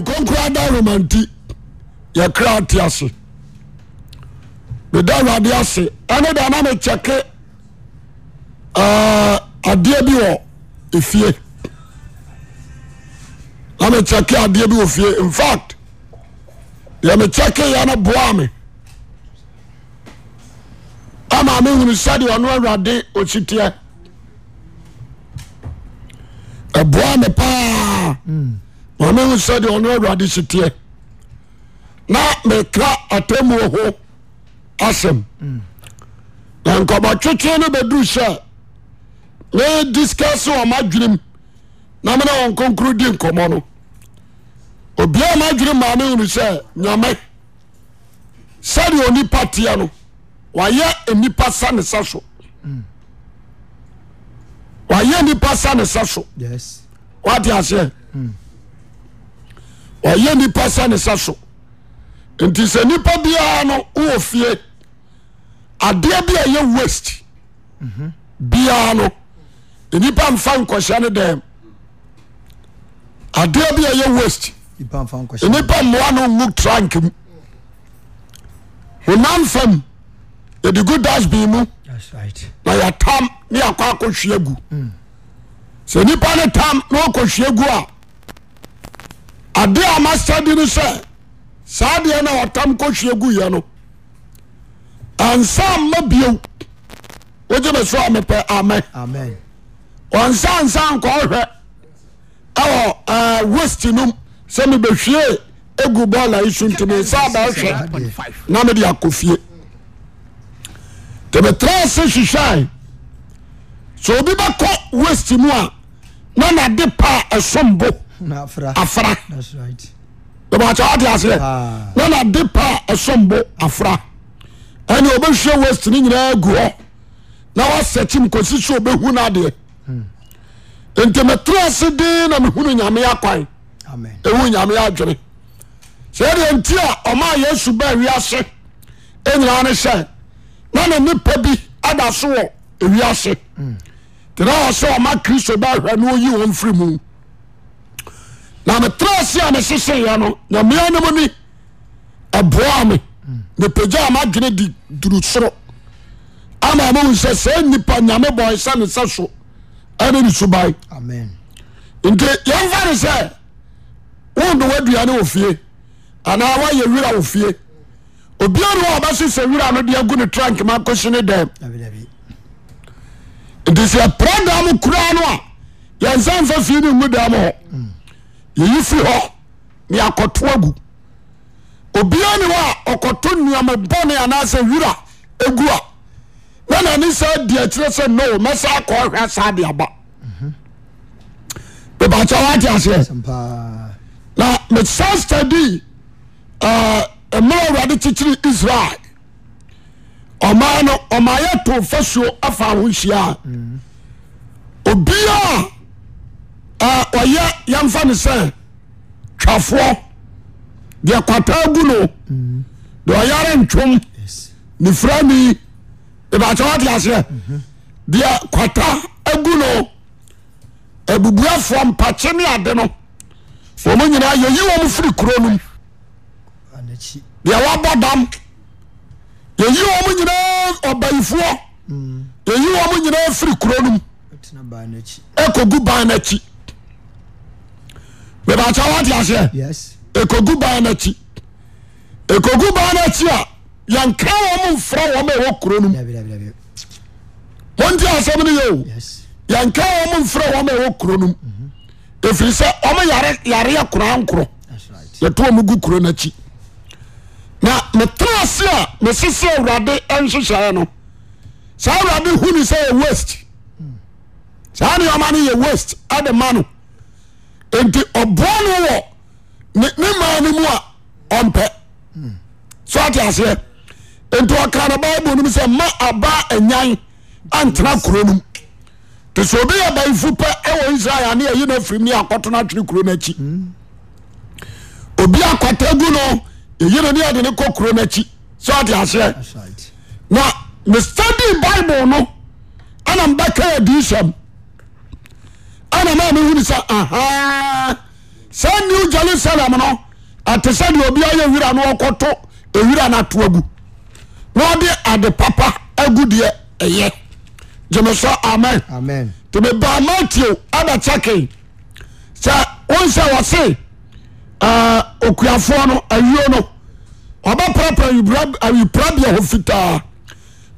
nkonkora da roma nti yɛkra ate ase meda awurade ase ɛne da na mekyɛke adeɛ bi wɔ efie na mekyɛke adeɛ bi wɔ fie infact deɛ mekyɛke yɛ no boaa me ama mehunu sɛdeɛ ɔno awurade ositeɛ ɛboa me paa mm. manehu sɛdeɛ ɔne awurade siteɛ na mekra atammuo ho asɛm n nkɔbɔtwetwee no bɛduru sɛ me diskase wɔma adwenem na mene wɔ kɔnkro di nkɔmmɔ no obiaa maadwenem maanehu mu sɛ nyame sɛdeɛ ɔnipa teɛ no wayɛ nipa sane sa so wɔayɛ nnipa sa ne sa so waade aseɛ mm. ɔyɛ nnipa sɛne sɛ so nti sɛ nnipa biara no wowɔ fie adeɛ bi a yɛ west biara no nipa mfa nkɔhyɛ ne dɛm adeɛ bi a yɛ wast nipa mmoa no nmu tranke m ho nam fam yɛdi gu dash bi mu na yɛtam ne yakɔakɔ hwea gu mm. sɛ nnipa no tam na ɔkɔhwea gu a ade amasta di no sɛ saa adeɛ no ɔtam kɔhwie gu iɛ no ansan ma bio wogye mɛso a mepɛ amɛ ɔnsansan nkawɔhwɛ ɛwɔ eh, west nom sɛ mebɛhwiee gu bɔ alai so ntimnsa bahwɛ na mede akɔfie tebɛtrɛ sɛ hwehwɛe sɛ obi bɛkɔ west no a na nade paa som bo afrasɛnnade paa ɔsobo afra ɛne ɔbɛh was no nyinaa gu e hɔ na wsɛ kim kosi sɛ ɔbɛhu noadeɛ nti meterese dei na mhunu nyameɛkwa w nyameɛadwere sɛɛdeɛ nti a ɔma yesu ba wiase e nyina ne hɛ na ne nepa bi adaso wɔ wase hmm. nɔsɛɔma kristo bahnɔɔmfrmu nametrase a meseseɛ no aeanom ni boaa me mm. pga madwenɛ diursor amamusɛ sɛnnipa nyame bsane sɛ sonenubae niyɛmfane sɛ wondwaaduane ɔ fie anaawoyɛ wira ɔ fie obiano ɔbɛsosɛ wira no de agu ne trankmakɔsn dɛ ntisɛɛprɛ da m kora no a yɛnsamfa fii no ngu da m hɔ mm. yɛyi firi hɔ meyɛkɔto agu obiar ne hɔ a ɔkɔto nnuamebɔne anaasɛ wura ɛgu a mɛnane saa di akyirɛ sɛ no mɛsa kɔɔhwɛ saa de aba bɛbakya hɔ atiahyeɛ na mɛsa stadii ɔmma eh, awurade kyikyiri israel ɔmaa no ɔma yɛ to fa suo afa ho nhyiaa obiaa ɔyɛ yɛmfa ne sɛ twafoɔ deɛ kwata agu no deɛ ɔyarentwom nefirani ebɛkyɛwotaseɛ deɛ kwata agu no abubuafoɔ pakyene ade no ɔmu nyinaa yɛyi wɔm firi kuro nom deɛ wobɔ dam yɛyi wɔm nyinaa ɔbayifoɔ mm. yɛyi wɔm nyinaa firi kuro nom ɛkɔgu baa nokyi ebɛkya woateahyeɛ kgu baa no akyi kgu baa no mm-hmm. aki a yɛnkra wɔmfrɛ ɔwɔ krnm monti asɛm no yɛo yɛnkra wɔmfrɛ ɔwɔ kurn ɛfiri sɛ ɔmyareɛ korankorɔ yɛtɔmgu r noakyi na metra se a meseseɛ awurade nhehyɛre no saa awurade huni sɛ mm. yɛ west saa neɛ ɔma noyɛ west adema no nti ɔboa no wɔ ene maa no mu a ɔmpɛ so ate aseɛ enti wɔkaa no bible nomu sɛ ma aba anyan antena kuro no m nte sɛ obiyɛ baifu pɛ ɛwɔ israel ane ɛyeno afirim neyɛakɔtono atwene kuro no akyi hmm. obi akwata gu no ɛyinone adene kɔ kuro no akyi so ate aseɛ na mestadi bible no anambɛ kɛ adehyɛm anamamhen sa h sa new jerusalem no te sɛdeɛ obiaayɛwira no ɔkɔto wira noatoagu na ɔde ade papa agudeɛ yɛ gyeme sɛ ame t mɛba mateo abakɛke sɛ wousɛ wɔse okuafoɔ no awuo no aba praprawiprabiɛ hɔ fitaa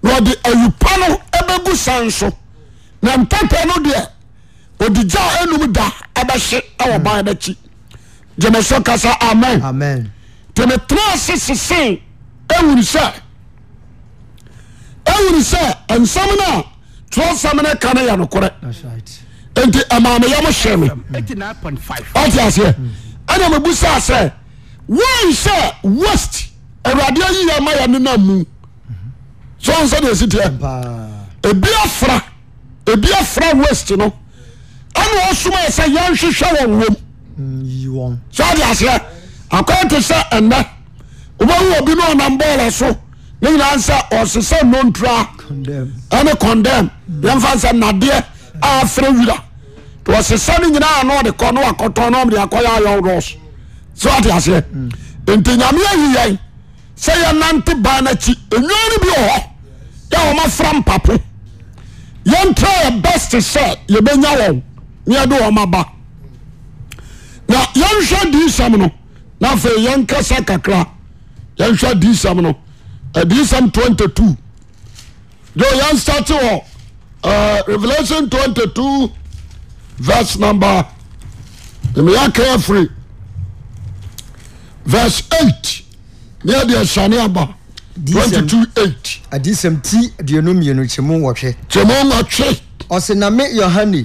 nɔde awipa no bɛgu sanso na npaɛ no deɛ ɔdigya anum da ɛbɛhye ɛwɔ ba bɛkyi gyemeso kasa amen ti meterase sesen ɛwur sɛ ɛwuru sɛ nsam no a ta samno ka ne yɛ nokorɛ nti ɛmaameyɛ mo hye me5aseɛ ɛnamebu saa sɛ wei sɛ west awurade ayiɛma yɛ ne nammu sowsɛdeɛsiteɛ frbiafra west no ɛna ɔsoma yɛ sɛ yɛnhwehwɛ wɔn wɔm sɛ ɔde aseɛ akɔyɛ te sɛ ɛnɛ wobɛwu obi ne ɔnam bɔɔlɔ so ne nyinaa sɛ ɔsesɛ nontura ɛne condemn yɛmfa sɛ nadeɛ a afrɛ wira nti ɔsesɛ no nyinaa na ɔde kɔ ne wakɔtɔ na ɔmde akɔyɛ ayɔ ros sɛ ɔde aseɛ mm. nti nyame ayi yɛn sɛ yɛnante baa no akyi ɛnwa no bi wɔ hɔ yɛ wɔmafra mpapo yɛntra yɛ best sɛ yɛbɛnya wɔn nyɛnhwɛ disɛm no na afei yɛnka sa kakra yɛhwɛ disɛm no adisɛm 22 ɛ yɛnsate wɔ eh, revelation 22 vsn meyɛkaafiri vs 8 ne ɛdehyɛne aba22k kymɔtwe ɔsname yohane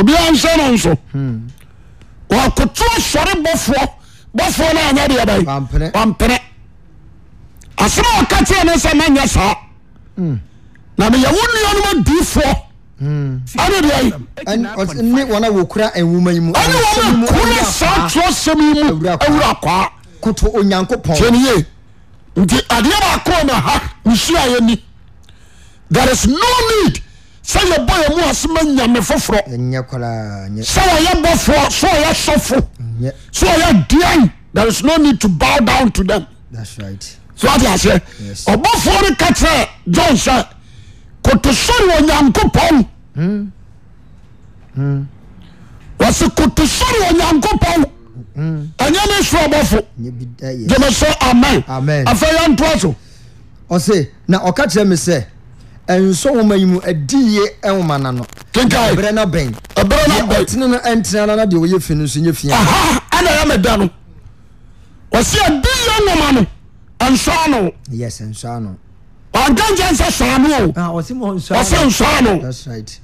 obiaa nsɛ no nso wɔakoto sɔre bɔfoɔbɔfoɔ no anyɛ dea bae mpeɛ asɛm a wɔka teɛ no sɛ manyɛ saa na meyɛ wo nnua nom difoɔ ane deainekore saa toɛ sɛmi mu awura kɔayanktnye nti adeɛ baakoro no ha musuoayɛni thereis no ned sɛyɛbɔamu asma nyame foforɔ sɛ ɔyɛ bɔfo syɛ sɔfo yɛaɛ hmm. hmm. hmm. ɔbɔfo reka trɛ jon sɛ kotsɔre nyankpɔ was kotsɔre nyankopɔ ɛyɛne soo ɔbɔfo gemes amn afyɛntasonarɛmsɛ nso nwoma yi mu adiye nwoma na no. kinkai ɛbɛrɛ na bɛn. ɛbɛrɛ na bɛn. ɔtene no ɛntena na na deɛ ɔyɛ fi no nso nye fia. aha ɛna yɛ mɛ da no wɔsi adiye nwoma no nso ano. yes nso ano. ɔdanjɛ nsa sɔ ano o. ah ɔsi mo nso ano. ɔsi nso ano. that's right.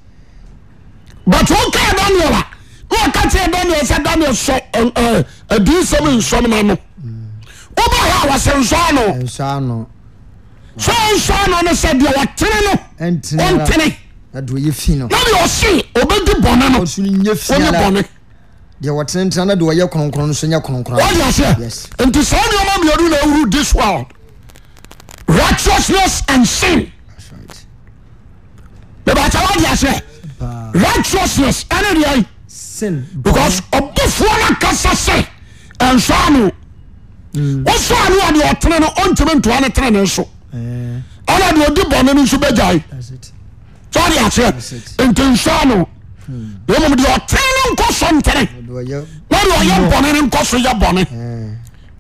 but wọn kaa daniel a wọn ka kyerɛ daniel sɛ daniel sɔ ɛɛ ɛdi nsɛm nsɔm na no wọn bá yà wɔ sɛ nso ano. nso ano. sɛɔnsano no sɛ deɛ wɔte nonna deɛɔsen ɔbɛdi bɔnɛnti sɛdmamianawr this wrld rightousness and sin ɛbaa wdeasɛ rightousness nedeai because ɔbufuɔ no akasa sɛ ns ano mm. wɔsɔanoadeɛ ɔte no ɔntmi ntoa ne terene so ɛna deɛ ɔdi bɔne no nso bɛgyae sɔre aseɛ nti nsoa no mmom deɛ ɔtene no nkɔ so ntere na deɛ ɔyɛ bɔne no nkɔ so yɛ bɔne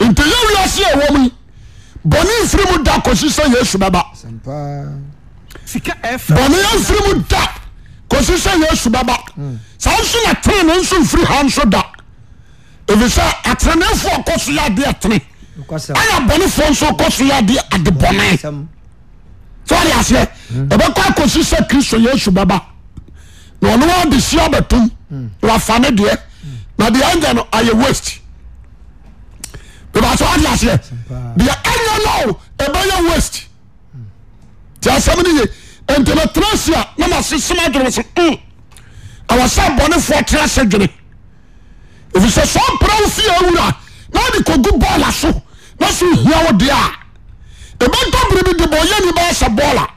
nti yɛ wiase a ɛwɔ mu yi bɔne mfiri mu da kɔsi sɛ yesu bɛba bɔne mfiri mu da kɔsi sɛ yesu bɛba saa nso na tene no nso mfiri ha nso da ɛfiri sɛ atenenefoɔ kɔ so yɛ adeɛ tene ayɛ abɔnefoɔ nso ɔkɔ soyɛde adebɔne sɛ adeaseɛ hmm. ɛbɛkakɔsi sɛ kristo yɛsu baba nɔnadesi abato hmm. wfanedeɛ hmm. adea yɛ was wade aseɛ ia ɛyano ɛbɛyɛ wast tiasɛm ne ye ntnatrasia namasesom aworose awsɛ bɔnefoɔ trase dwee ofisɛ soprawo fia awura na de kgu bɔla so naso hia wo de a bɛdɔbiribi de bɔyenibaseballa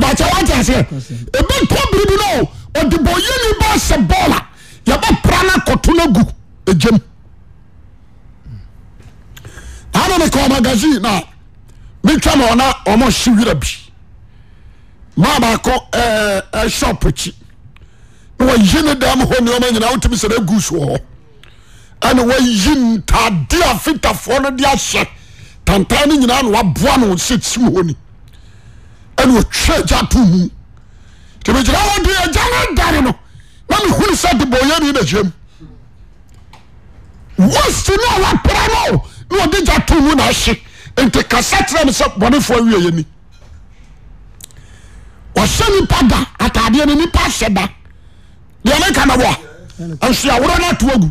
baka wotsɛ bedɔ biribi n ɔdebɔyanibase balla yɛba pra no kotono gu ajem nenekamagazine n metwa nena ɔmɔse wera bi mabaakɔ shop aki newayene dam hɔ nema nyina wotimisɛdɛ gu swhɔ iadeɛ fitafoɔ no sɛ aɛɛaɛyanodar no mane hunu sɛe bɔyɛnuna wa nowara neaaɛɛɛɛna aɛa sɛba enekanao oɛornooagu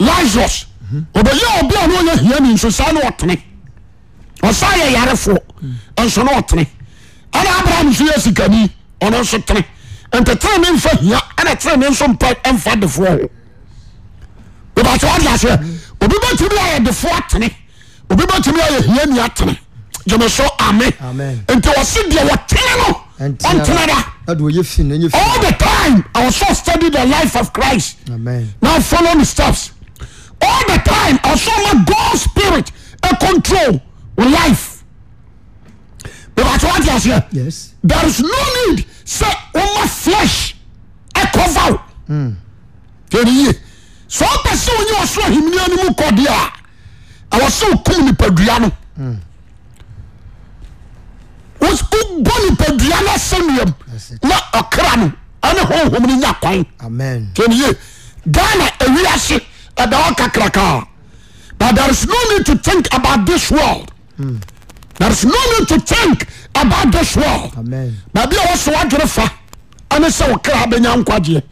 lises anya asosa nes bra soyasia nso nsoa le timstudy the life of christ nafoe stes h tim wɔsɛma go spirit acontrol wo life bɛɛweaseɛ ther's no need sɛ woma flesh kɔvawo ye sɛ opɛ sɛ onyɛ ɔso ahimnia no mu kɔdeɛ a ɛwɔ sɛ okum nipadua no nipadua no sɛnduam na ɔkra no ɛne hhno nya kɔn y dana wiase kakrakubi wsewodwere fa anesɛ wokranya nkwaɛ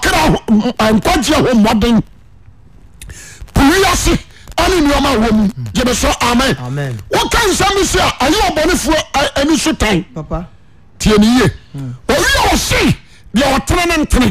krnkwaɛ hden pyase nenmawu es wf e ɛtrter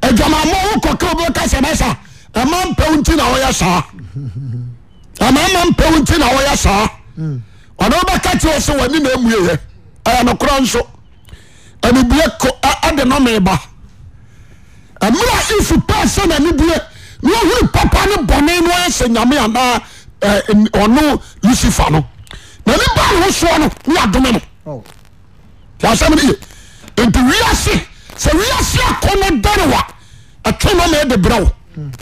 adwamamɔ wo kɔka wobɛka sɛ bɛsa ɛma mpɛwo nti na woyɛ saa ama ma mpɛwo nti na woyɛ saa ɔne wobɛka kyerɛ sɛ w'ani na amueyɛ ɛyɛ nokorɔ nso anibue ade no meeba mmerɛ ifu paa sɛ nanibue na ɔhuru papa ne bɔne no ayɛ sɛ nyame anaa ɔno eh, lucifer no na ne ba ne ho soɔ no ne adome no tiasɛm oh. no ye nti wiase sɛ wiase akɔ de brɛwo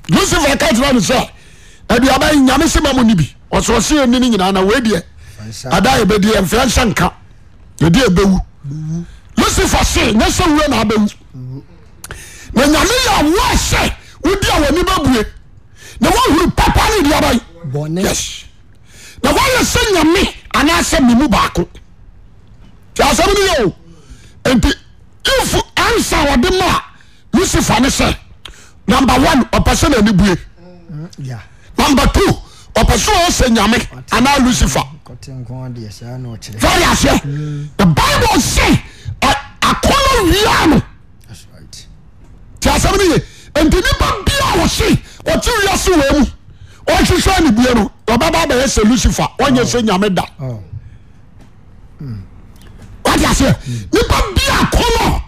lucifer ka kyerɛ no sɛ aduaba nyame se ma mo no bi ɔsɔɔse ni no nyinaa na weideɛ ada yɛbɛdi ɛmfra nhyɛ nka yɛde ɛbɛwu lucifer se nyɛ sɛ wura na abɛwu na nyame yɛ awoa sɛ wodi a w'ani bɛbue na woahuru papa ne duaba yes na woayɛ sɛ nyame anaasɛ me mu baako nti asɛm no yɛ o nti if ansa wɔde ma a lucifer ne sɛ number one ọpẹ sẹ na bue mm-hmm. number two ọpẹ sẹ ọ nyame ana lucifer very ase mm. the bible say akọlọ wia no ti asẹmu ni ye nti nipa bia wọ si ọtí wia si wọ mu ọhyehyẹ ẹni bue no ọba bá bẹyẹ sẹ lucifer ọnyẹ sẹ nyame da wọ́n ti ase nipa bia akọlọ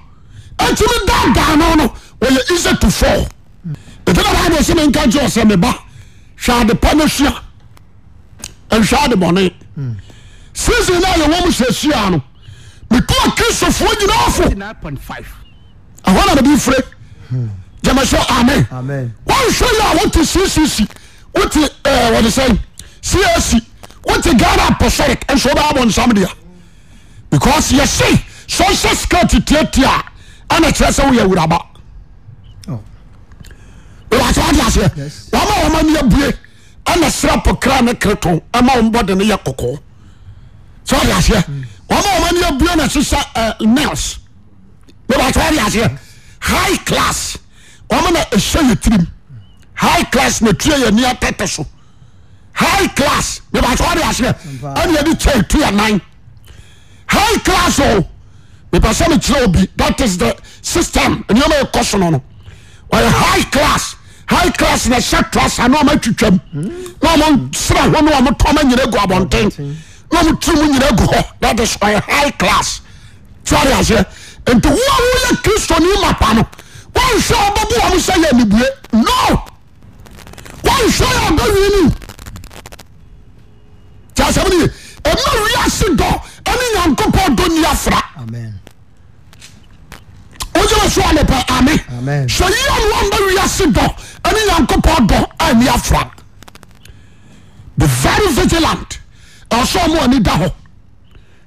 ẹtí mi dá gàánà no wọ́n yẹ easy to fall. fnsnekasɛmeba hwɛade aɛdeɔ ss noyɛwsɛs n mema kesofoɔ gyinafo5 hnamdefɛ yamɛsɛ a nɛ iwote ssoɛsaswote gaa posoic ɛɛsdea beauseyɛse sɛ a eakeɛɛɛaba nb ne serap krae keret modenye kok class see tr i class eess class eser taite syei class hiclass asɛtnatwwaryicasyɛ kristoneapano a sɛ yanbeno ɛwn ama w se do ne yankɔ dniafra mea se d ɛne yankopɔn dɔ aniafra be very vigilant ɔso maanida hɔ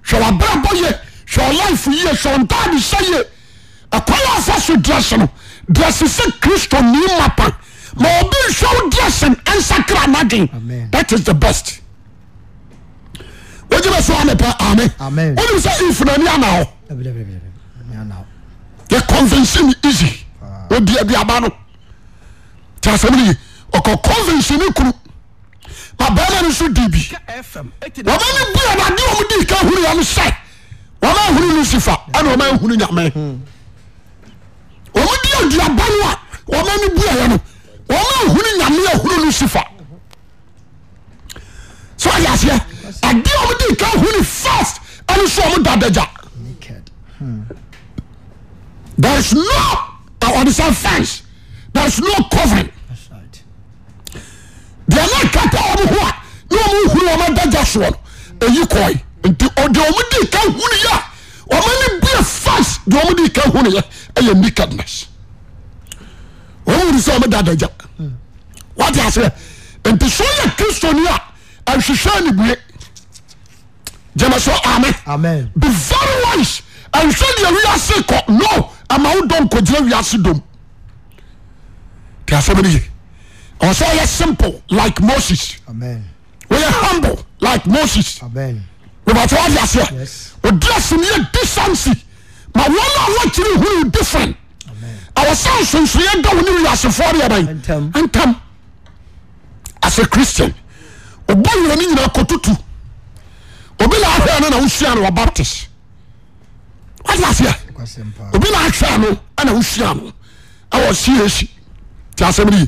hwɛwabrabɔyɛ hwɛif yieɛntadsaye lafa so dres no deɛ se sɛ kristo nima pa maobi nswɛ w deɛ sem nsakra naen thatis the bestɛomsɛfani na hɔ yɛ conncin easy aa ah. tí a sẹ́mi nìyí ọkọ̀ convention ní kuru ma bẹ́ẹ̀ ni sùn dìbì wọ́n bá ní bíyà náà ní òun dì ká huru yẹn sẹ́ wọ́n máa huru Lucifer ẹni wọ́n máa huru Nyame wọ́n di ọ̀dì abọ́nú wọ́n máa ní bíyà yẹn no wọ́n máa huru Nyame yẹn huru Lucifer sọ yà sẹ́ àdí òun dì ká huru first ẹni sọ òun dàdẹjà. There is no uh, on the fence. There is no covering. anekapa omhoa ne mhur madaya sn yik nti de omdeka hurye manansyɛ kristona sesanbe yamso ame bevaric sdwiasek no maodkiase do sɛwoyɛ simple like moses wyɛ humbl like moseseɛns akerehenwɛɛsfo as christian ɔne yina ktot bnnwsnwbaptisenwssɛ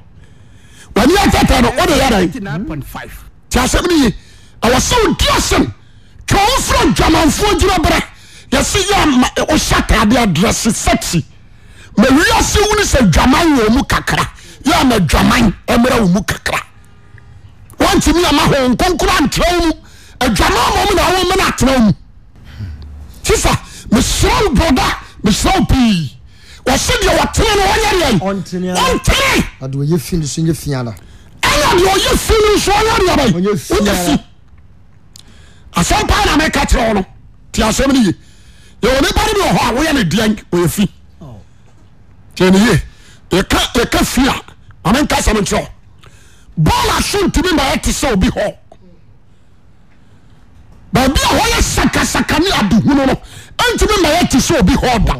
5tasm wseodiasem tofera dwamanfo ira bra yeosa tadrese set maiase wen se dwaman e, womu kakra yma daman eawomu kakra ntimiah kokrntrawmu adaman e nenteamu tis mesera bda mesera pe sdɛ tyɛndyɛ fi f sm p nameka erɛo sbar ɔoyɛne a ɛɛa f mkaskrɛ bnaso ntimibayɛ te sɛobi h biahɔ yɛ sakasakane adu tmi bayɛte sɛ obi h da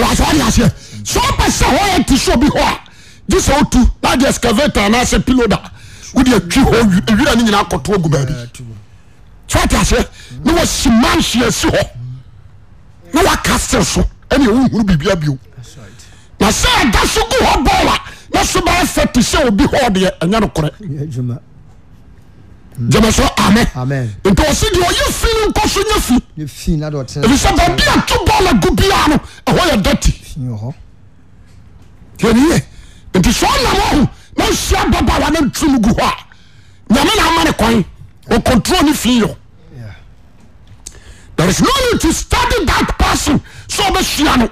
wswade asyeɛ sɛ wopɛ sɛ hɔ yɛ te sɛ obi hɔ a te sɛ wotu nade scaveta anaasɛ pinoda gode atwi hɔwura no nyinaa kɔto gu baadi sɛwate ahyeɛ ne waasima nheasi hɔ ne waka aser so ɛneɛ wohuru biribia bio na sɛ ɔda so gu hɔ bɔɔwa na so baafa te sɛ obi hɔ deɛ ɛnyɛ nokorɛ gyamsɛ ame ntiɔsede ɔyɛ fino nkɔ so nya fifisɛbbiabɔnagubia no hɔyɛdatnti sɛ ɔnamho masa baba natmo u hɔ namnmane kɔ controlno fiyɔoat pesn sɛɔbɛsua no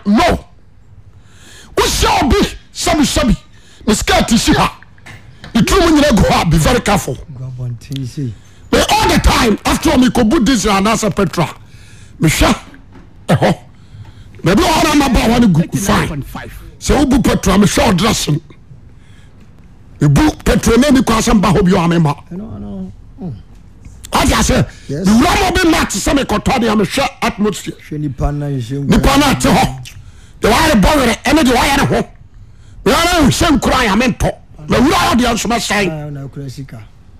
nwosiab sabsabests hnynaghɔb very caef all the time afterekobu hisse petru meweho g seob pet ee dresn eb petra nense reatse k tosphesenroto des so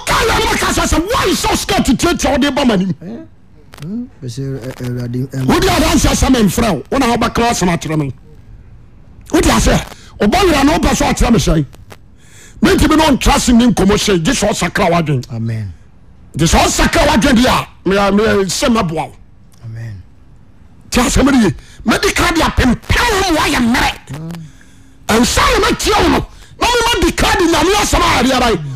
kayeee kasese se eke tetieti de bamnim dnssefekad empemere seme tino mma dekadenam semrr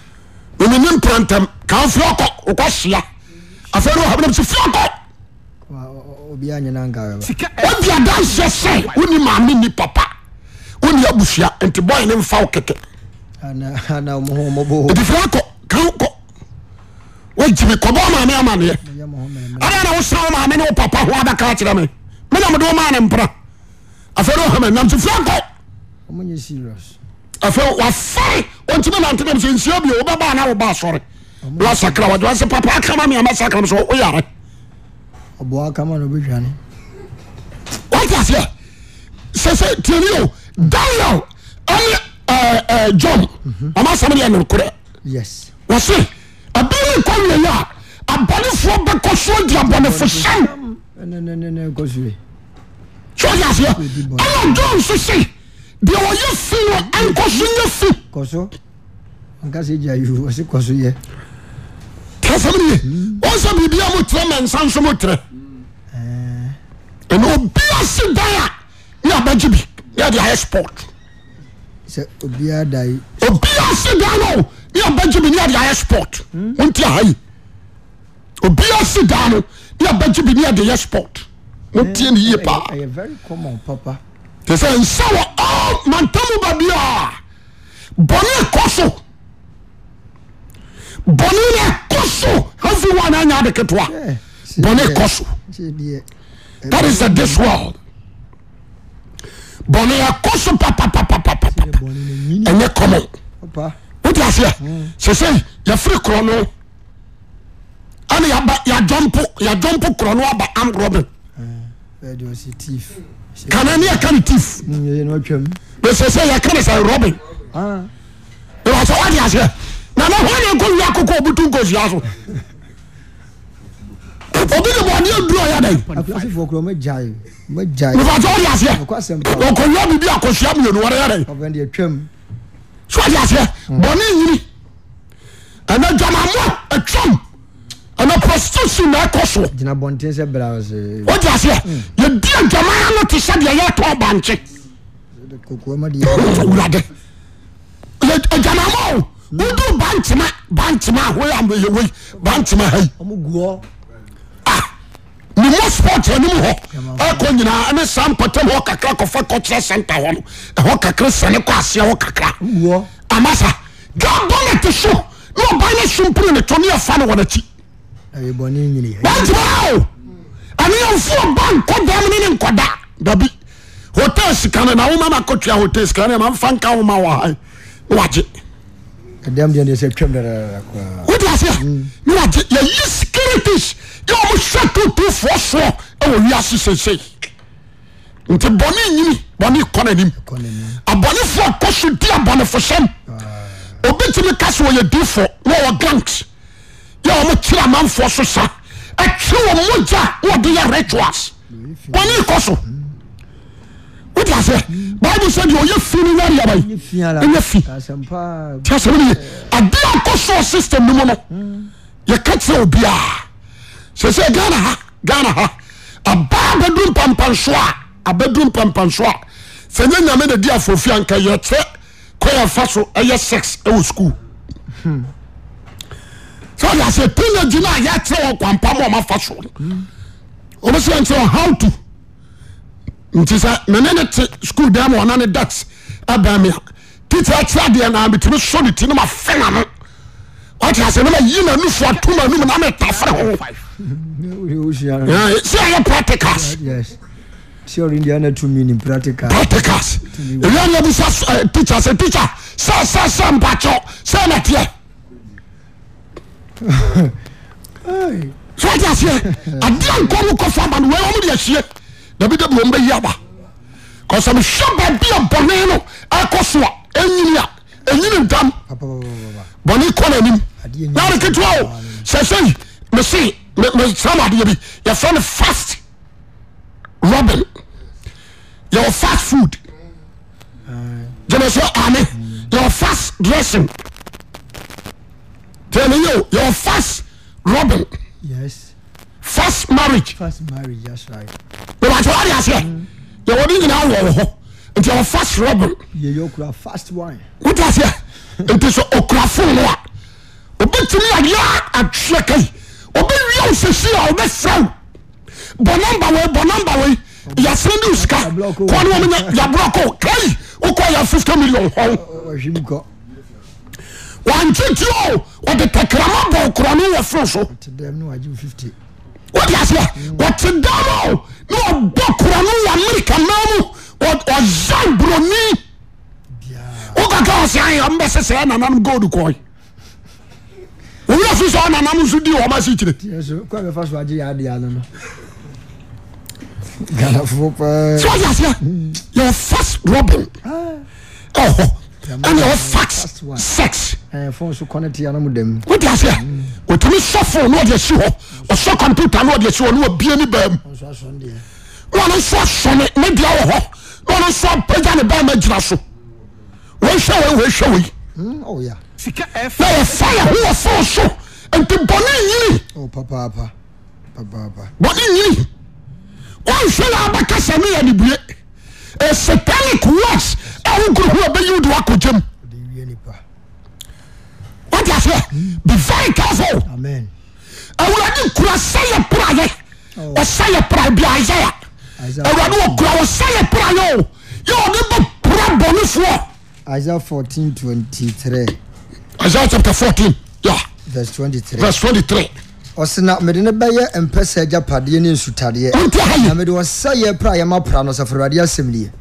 enenemprantem ka fieoko wokosia af es fie ko obiadanse se wonimameni papa oniabusa nti bone mfa wo kekent fkk wojime kobomame amane an wosawmamno papa kere me ejamdemanepra af neans fieko afei wafare ontimi nantene sɛ nsia bio wobɛba na woba asɔre wasakra wade wase papa akama me amasakram sɛ woyare wataseɛ sɛ sɛ tiani daniel ɛne eh, eh, john ɔmasɛm deɛ nokorɛ wɔse abiri nkɔ wiei a abɔnefoɔ bɛkɔ soɔ di abɔnefo hyɛm sɛ wodeaseɛ ɛna john so sei yɛ fio ankɔso nyɛ fiasɛmny ɔsɛ biribiaa muterɛ ma nsa nswom terɛ ɛn obia seda a ne abagyebi e de yɛ sportoia seda no ne bagebi ne ɛde yɛ sport onti hai obia sedaa no ne abage bi ne ɛdeyɛ sport hmm. eh, eh, eh, ontinyebasɛɛ sɛ mantamu Bonnet biaa bɔne ɛkɔ so bɔne papa ɛkɔ so hafi wa na papa, papa, ketewa papa. Eh, ɛkɔ so that is the papa world bɔne ɛkɔ so papapapapapa ɛnyɛ kɔmɔ a aseɛ sɛsei a korɔ no no kana ne yɛka no tif mɛsɛ sɛ yɛka no sɛ robin ɛwɔ ah. sɛ wode aseɛ na na hɔ ne nkɔwia kokɔ obutu nkɔsia so obi ne bɔne aduro yɛ dɛn mefasɛ wode aseɛ ɔkɔwia biribi akɔsia mmienu wɔre yɛ dɛn so wode aseɛ bɔne nyini ɛna dwamammoa atwam n prostus nkoso tsɛd ytbana baosne so by sompn eh, hmm. hmm. ah, ne tonfan ni wontima o ɛne yɛmfoɔ ba nkɔdam ne ne nkɔda dabi hotel sika no na woma makɔtua hotel sika no mamfa nka woma wɔ ne wagye wode aseɛ ne wagye yɛyi securities yɛ ɔmo hwɛ totofoɔ soɔ ɛwɔ wiase seisei nti bɔne nyini bɔne kɔ n'anim abɔnefoɔ kɔ so di abɔnefo sɛm obi tumi ka so wɔyɛ difoɔ na ɔwɔ grant yẹ wọn kyerɛ amanfoɔ so sa ɛkyerɛ wɔn mogya wɔde yɛ rituals wɔn ni kɔ so wọ́n ti ase báyìí sẹ́ di oyè fi ni wọ́n yaba yìí ẹ̀yẹ fi tí a sọ wọ́n yẹ adé àkóso system ni mu no yẹ kẹ́tìrẹ́ obiá sẹ́sẹ́ Ghana ha Ghana ha aba abẹ́dún pampanso a abẹ́dún pampanso a sẹ́nyẹ́ nyame de di àfọ̀fíà nkà yẹ kyẹ́ kọ́ yẹ fa so ẹ̀yẹ sex ẹ̀wọ̀ school. se penginaye te kmpamafa so omest howto nti sa mene ne te scool dem nane dus abamia teke tera de etmi so deti neafema mo tsninnftnfre seye practicasracticasn teers teer sssa mpake senate sadease adiankomu kofa baweomudeasie dabi dabi omibeyeba kase mese ba bia boneno akosua ayinia ayini tam bone kona anim areke teo seisei mese sramadiyo bi yesone fast robbin yewo fast food jemeso ane ywo fast dressing tẹ̀lé you your first robin. yes. first marriage. first marriage that's right. ìwà àti wàá I say, you ní nyinaa wọ̀ wọ̀ hɔ nti your first robin. yeye your first wine. What àṣẹ nti It is fún wa obi tìmí àyà àtúnṣe kẹyì obi wíyà òṣèṣì à Obi sẹw bọ nọmba wẹ bọ nọmba wẹ yasẹ ní òsìkà kọ́ ni wọ́n mi yà búrọ́kọ̀ kẹyì ó kọ́ yà fifty million hàn. antu tio otetekrama bokronwo foso asa ote dam n bokron amerikanmu oza broni okekesbesesenn oduk is sonanam dima sreyas ob ɛneɛɔfax sexwoase ɔtumi sɛ fo ne ɔde si hɔ ɔsɔ computa nedesi hɔ ne wa bieni baa mu ne ɔne nso sɔne ne deɛ wɔ hɔ ne ɔne nsɛ bragya ne baamagyina so wɔhwɛwiwɔhwɛwɔi na yɛfa yɛ hoɔ fo so nti bɔne yini bɔne yini wonhwɛlbɛkɛ sɛ neyɛ ne bre sepelic was hukroh beyedewakojem ata be very carefl ewra de kura seye prae oseye pra b isaiaewadokao seye pray yodebepra bonusois a 3 ɔsna mede ne bɛyɛ mpɛsɛ yapadeɛ ne nsutadeɛmede sɛyɛpryɛmaprasfɛ sɛmdɛɛɛpɛsɛɛpɛɛɛɛeɛyɛprɛapadeɛyɛ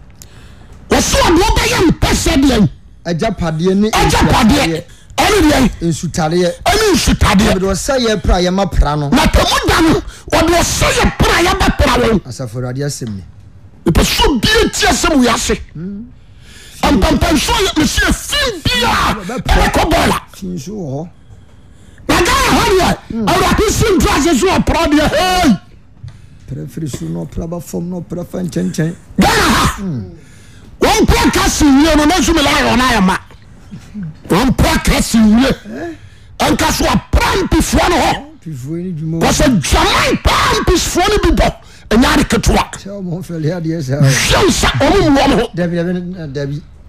pɛbsɛse a garhadsintrse soapra bia garha wonk kasiwie nne zumelyrenyama ona ka siwie onkasowapra mpifuo n hoose dama pa mpifuo ne bibo ɛnya reketowae sa omumuomo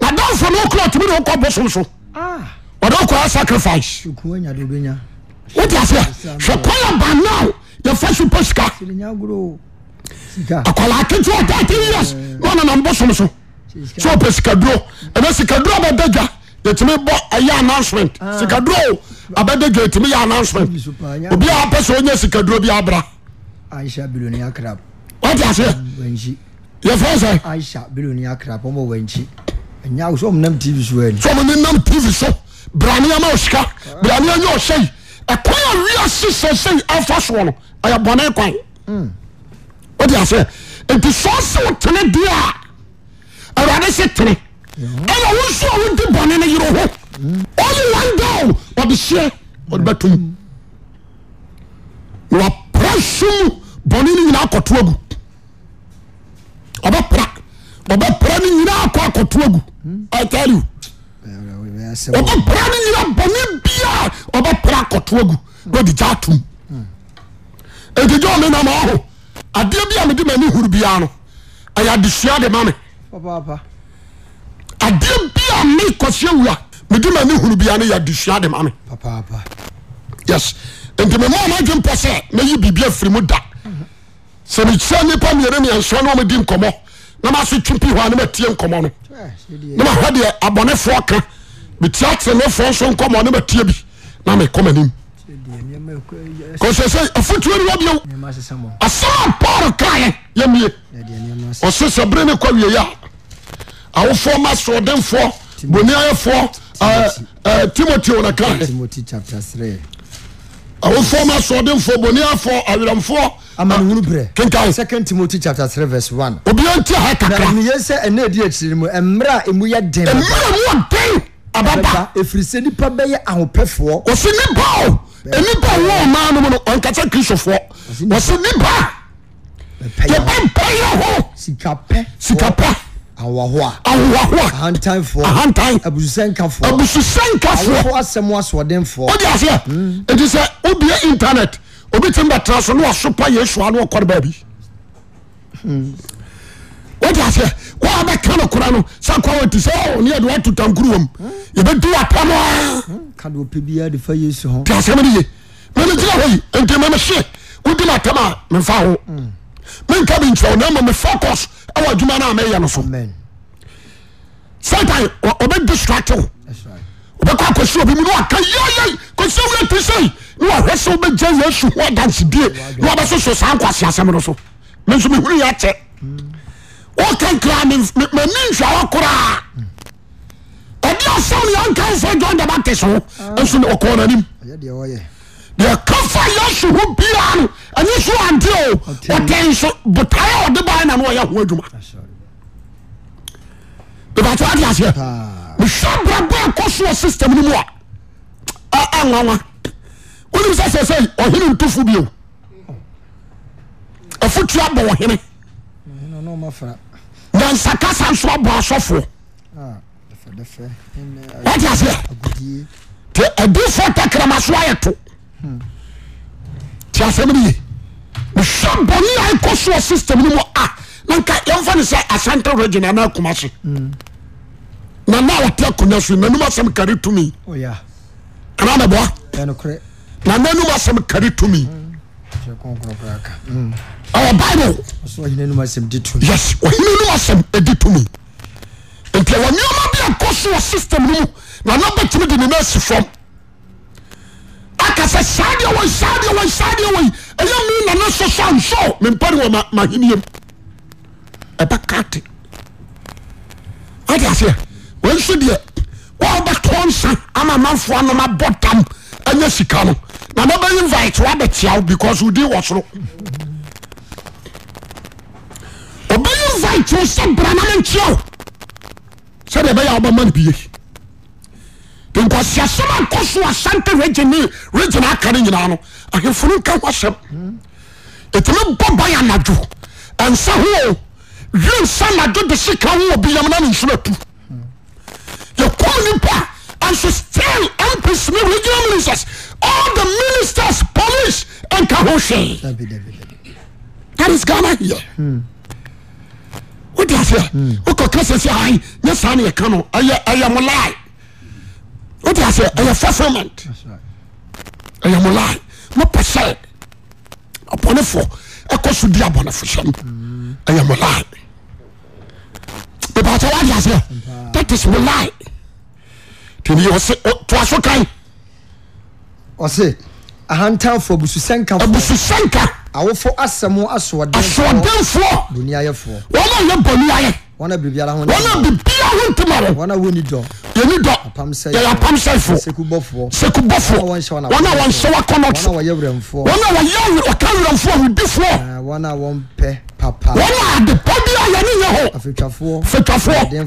nadanfo no okura tumi na okɔ bosom so ɔde ah. okɔ sacrifice wote aseɛ hwɛ kɔla ba now yɛfa supa sika akɔla aketewa thirteen years eh. na ɔnanam bosom so sɛ ɔpɛ sikaduro ɛnɛ sikaduro bɛda dwa yɛtumi bɔ ɛyɛ eh, announcement ah. sikaduro abɛda dwa yɛtumi yɛ announcement obi a apɛ sɛ ɔnyɛ sikaduro bi abra wote aseɛ yɛfrɛ sɛ somenenam tv so braneama sika braneaya sei ko wiase sose afa sono bɔne kodese nti so hmm. sewo tene dea aurade se tene hmm. nwosuawode bone ne yeroho ol hmm. on da abeseɛ obatm wa pra som bone no yina kotoa gu oba pra obapra no yina koakotua gueo epra yina praga n imeen brda maso twipi hɔ a ne matie nkɔmmɔ none mahɔ deɛ abɔnefoɔ ka betia tere ne foɔ nso nkɔmɔ ne matie bi na mekɔmnim ssɛ afotu nw bi asamparo ka yɛmie ɔse sɛ bere ne kɔwiee awofoɔ masfo bnf timoty asfo bfo foɔ nw berɛ timot ch31nnye sɛ ɛnɛ adi akyirie mu mmerɛ a ɛmu yɛ denɛfiri sɛ nipa bɛyɛ ahopɛfoɔnnk kristofoɔnɛɛosɛmasoɔdenfoɔsɛ ntsɛ wobi intenet obetem be ta so neesepa yeskobi es ne wahwɛ sɛ wobɛgya yesu hɔ dansedie ne wabɛsoso saa nkwase asɛm no so me nso mehunu yɛ kyɛ wokankra mani nhwawa koraa ɔde asɛm ne yɛnkae sɛ john the baptist ho nso ne ɔkɔɔ n'anim deɛ ka fa yesu ho biaa no ɛne so ante o ɔte nso botae a ɔde bae na ne ɔyɛ ho adwuma bɛbɛtɛ wade aseɛ mehwɛ brabɔ ɛkɔ soɔ system no mu a ɛwawa nsɛ sɛsɛ ɔhene ntofo bio afotua abɔohene nansakasa nsoabɔ asɔfoɔtse adfo akramasoayɛto ti asɛmi sɛ bɔniakɔso system no mu yɛmfn sɛ asantaeginnakase nanawate akonasonan asɛm karetm oh, nba nana num asɛm kare tumi bibleyes hena num asɛm adi tumi ntiwɔnema bi akoso wɔ system no mu na na bɛtumi de ne ma asi fam akasɛ saadeɛeɛ ɛyɛnane sosons mepadi wmahenia ɛɛkaese sɛ deɛ waɛtɔ nsa amamafoa nomabɔ dam anya sika no nanbɛ invite woabɛ tiaw because ode w soro obe invite sɛ branamenkia sɛde bɛyɛ wobamane biye esasɛm sann ri ka iamnaanyɛnipo nso stal mpɛsmɛ regnalminises allthe ministers police nka hose arskan ods wkasesi ɛsa neyɛkan ɛyɛmuli ods ɛyɛfafoment ɛyɛmuli mepɛsɛ abnefo ɛk so di abnefo sɛm ɛyɛ muli eb wadese ats muli ttaso k ɔse ahatafo usɛwfo aɛm asɔyɛ npɛ n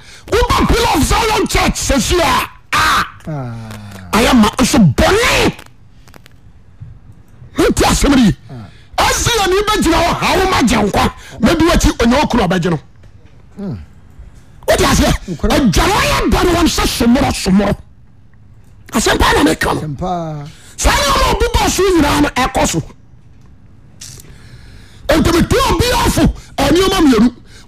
oba pelefseyonchuch sesia a yema so bune enti asimereye ezeen beina aoma yenkwa mebiwati oyeokurobeino ets aye dese somro somro asempa nanka seyem boboso yinn ekoso ntemete obia fo nioamieru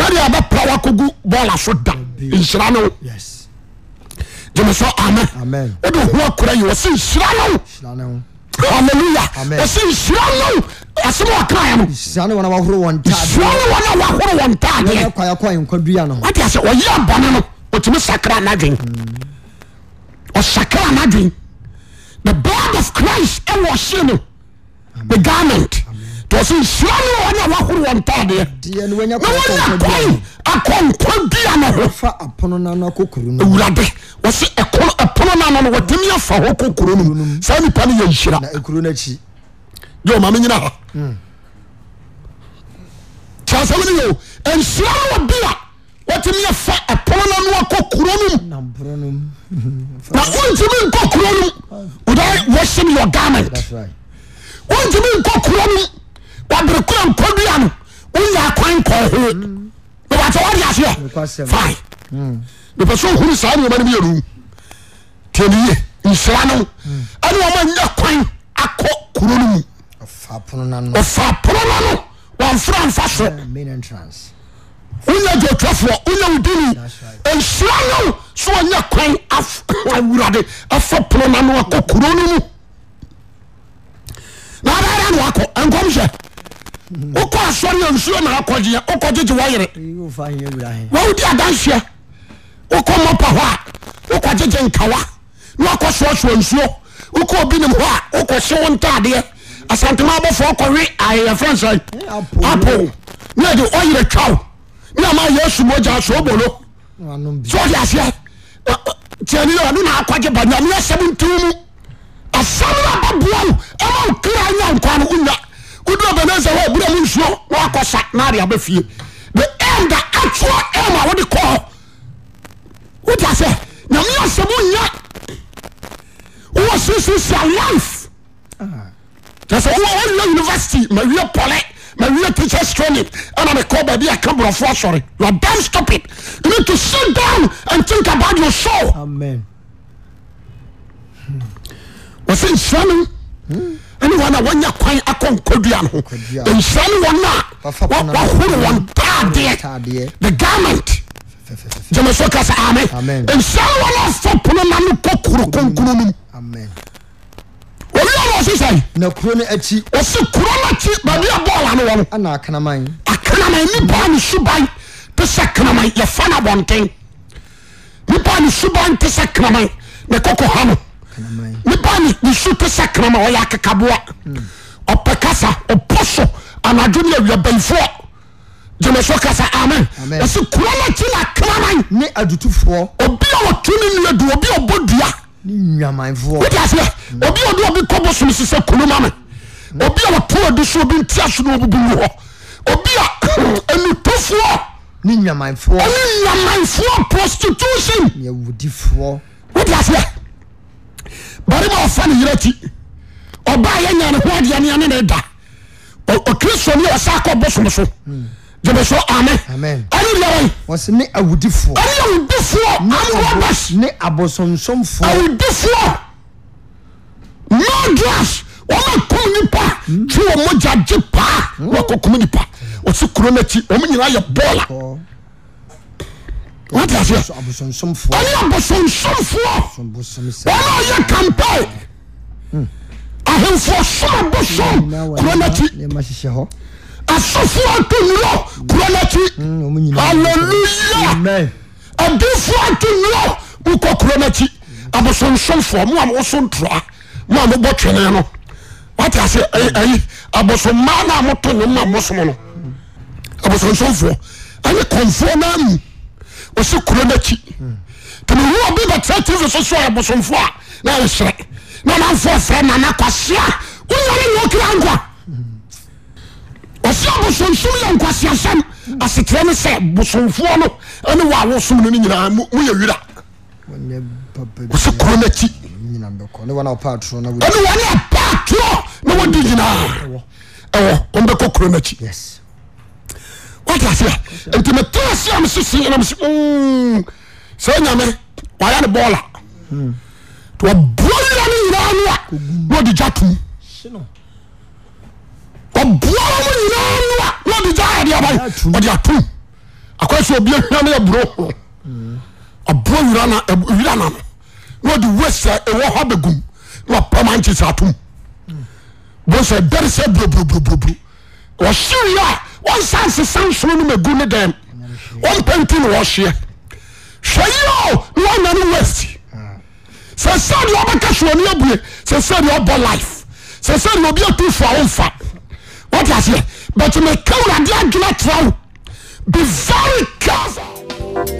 ade wɔbɛpra wokogu bɔɔla so da nhyira no demsɛ ama wode ho krayi ɔsɛ nhyira no allelua ɔsɛ nhyira no asɛm kraɛ nonira ne wn awahoro wɔnpadeɛwtasɛ ɔyɛ bɔne no ɔtumi sakra madwen hmm. ɔsakra amadwen the bod of christ wɔ hye no the garment nsaewhorntda an noasanyrayayinsa tmifa onntim nkasn o gmentnt wabere koro nkoan woya kon koho watwarea sf epso horu sanner tye nsera no anema ya kon ak knu fa poonn wfranfa soo oya juta fu oy o sera hmm. no soy f pmun wokɔ asɔre a nsuo na akɔgyeɛ wokɔ gyegye wɔyere wawodi adanseɛ wokɔ mmɔpa hɔ a wokɔ gyegye nkawa na wakɔ soasoa nsuo wokɔ obi nim hɔ a wokɔ hye wo ntadeɛ asantoma abɔfoɔ kɔwe ayɛyɛ fransai apo na ɛde ɔyere twaw na ama yɛ asumogya so obolo so ɔde aseɛ tiani yɛ ɔno na akɔgye ba nyameɛ sɛm ntiw mu asɛm no ababoa wo ɛma wo kra nya nkwa no wonya ee ler actal lmawodek wease yam seboya wsesosa life university a poe r anks anenwaya ka akonkoduansan wowahore won tade the gaementmeso es sannfapono nan kkro konkromu sese se kro badbolan kammepne su ba tese kama yefan bn nsu base kra ka mebane so te sɛ krama ɔyɛ kekaboa ɔpɛ kasa ɔpo so anadwone awabaifoɔ yeneso kasa amen s kran kina kamnbdadsɛ odbkɔbo some sesɛ koomame obiaton d soobintia sonoubh nfn namafoɔ prostittionwdasɛ barema fa neyera ati ɔba yɛyane ho adaneaneneda krison ɔsa ka ɔbosom so abɔso ame aneneawdifoɔawdfoɔ aas ɔmakomnpa teɔmoae paaoɔkomnpa osekromati ɔmenyina yɛ bɔɔla tseɛne abosonsomfoɔne ɔyɛ kampai ahemfoɔ son abosomkronati asofoɔ atonuo kronatia afoɔ atonuro k kronati aboso nsomfoɔ moamosontra amobɔtene no teaseɛ abosoma na motonemamosom no aboso nsofoɔ ae konfo nm wos koro noki tnhu bidatrɛtso sosoa bosofoɔ a na serɛ na namfoɔ srɛ nana kɔsia wosare nɛokirankwa ɔsea bososom yɛ nkɔsea sɛm aseterɛ ne sɛ bosonfoɔ no ɛne wawoso muno no nyinamuyɛ wira wos koro nokiɛne wɔne ɛpaa turo na wodi nyina wɔ ɔbɛkɔ koro noki otsiy tmete sia mssns seyame yan boa buo ir yinua di ja tum buom yinua dadtu rbbo d wese gu nise tu seerisebsew wonsanse sansoro no m agu ne dɛm wɔmpɛnti no wɔ hyeɛ hwɛyi o lanane west sɛ sɛdeɛ wobɛkɛ soɔ ne abue sɛ sɛdeɛ ɔbɔ life sɛ sɛdeɛ wobi ato sua wo mfa wataseɛ but makawura adeɛ adwena tra wo be very cave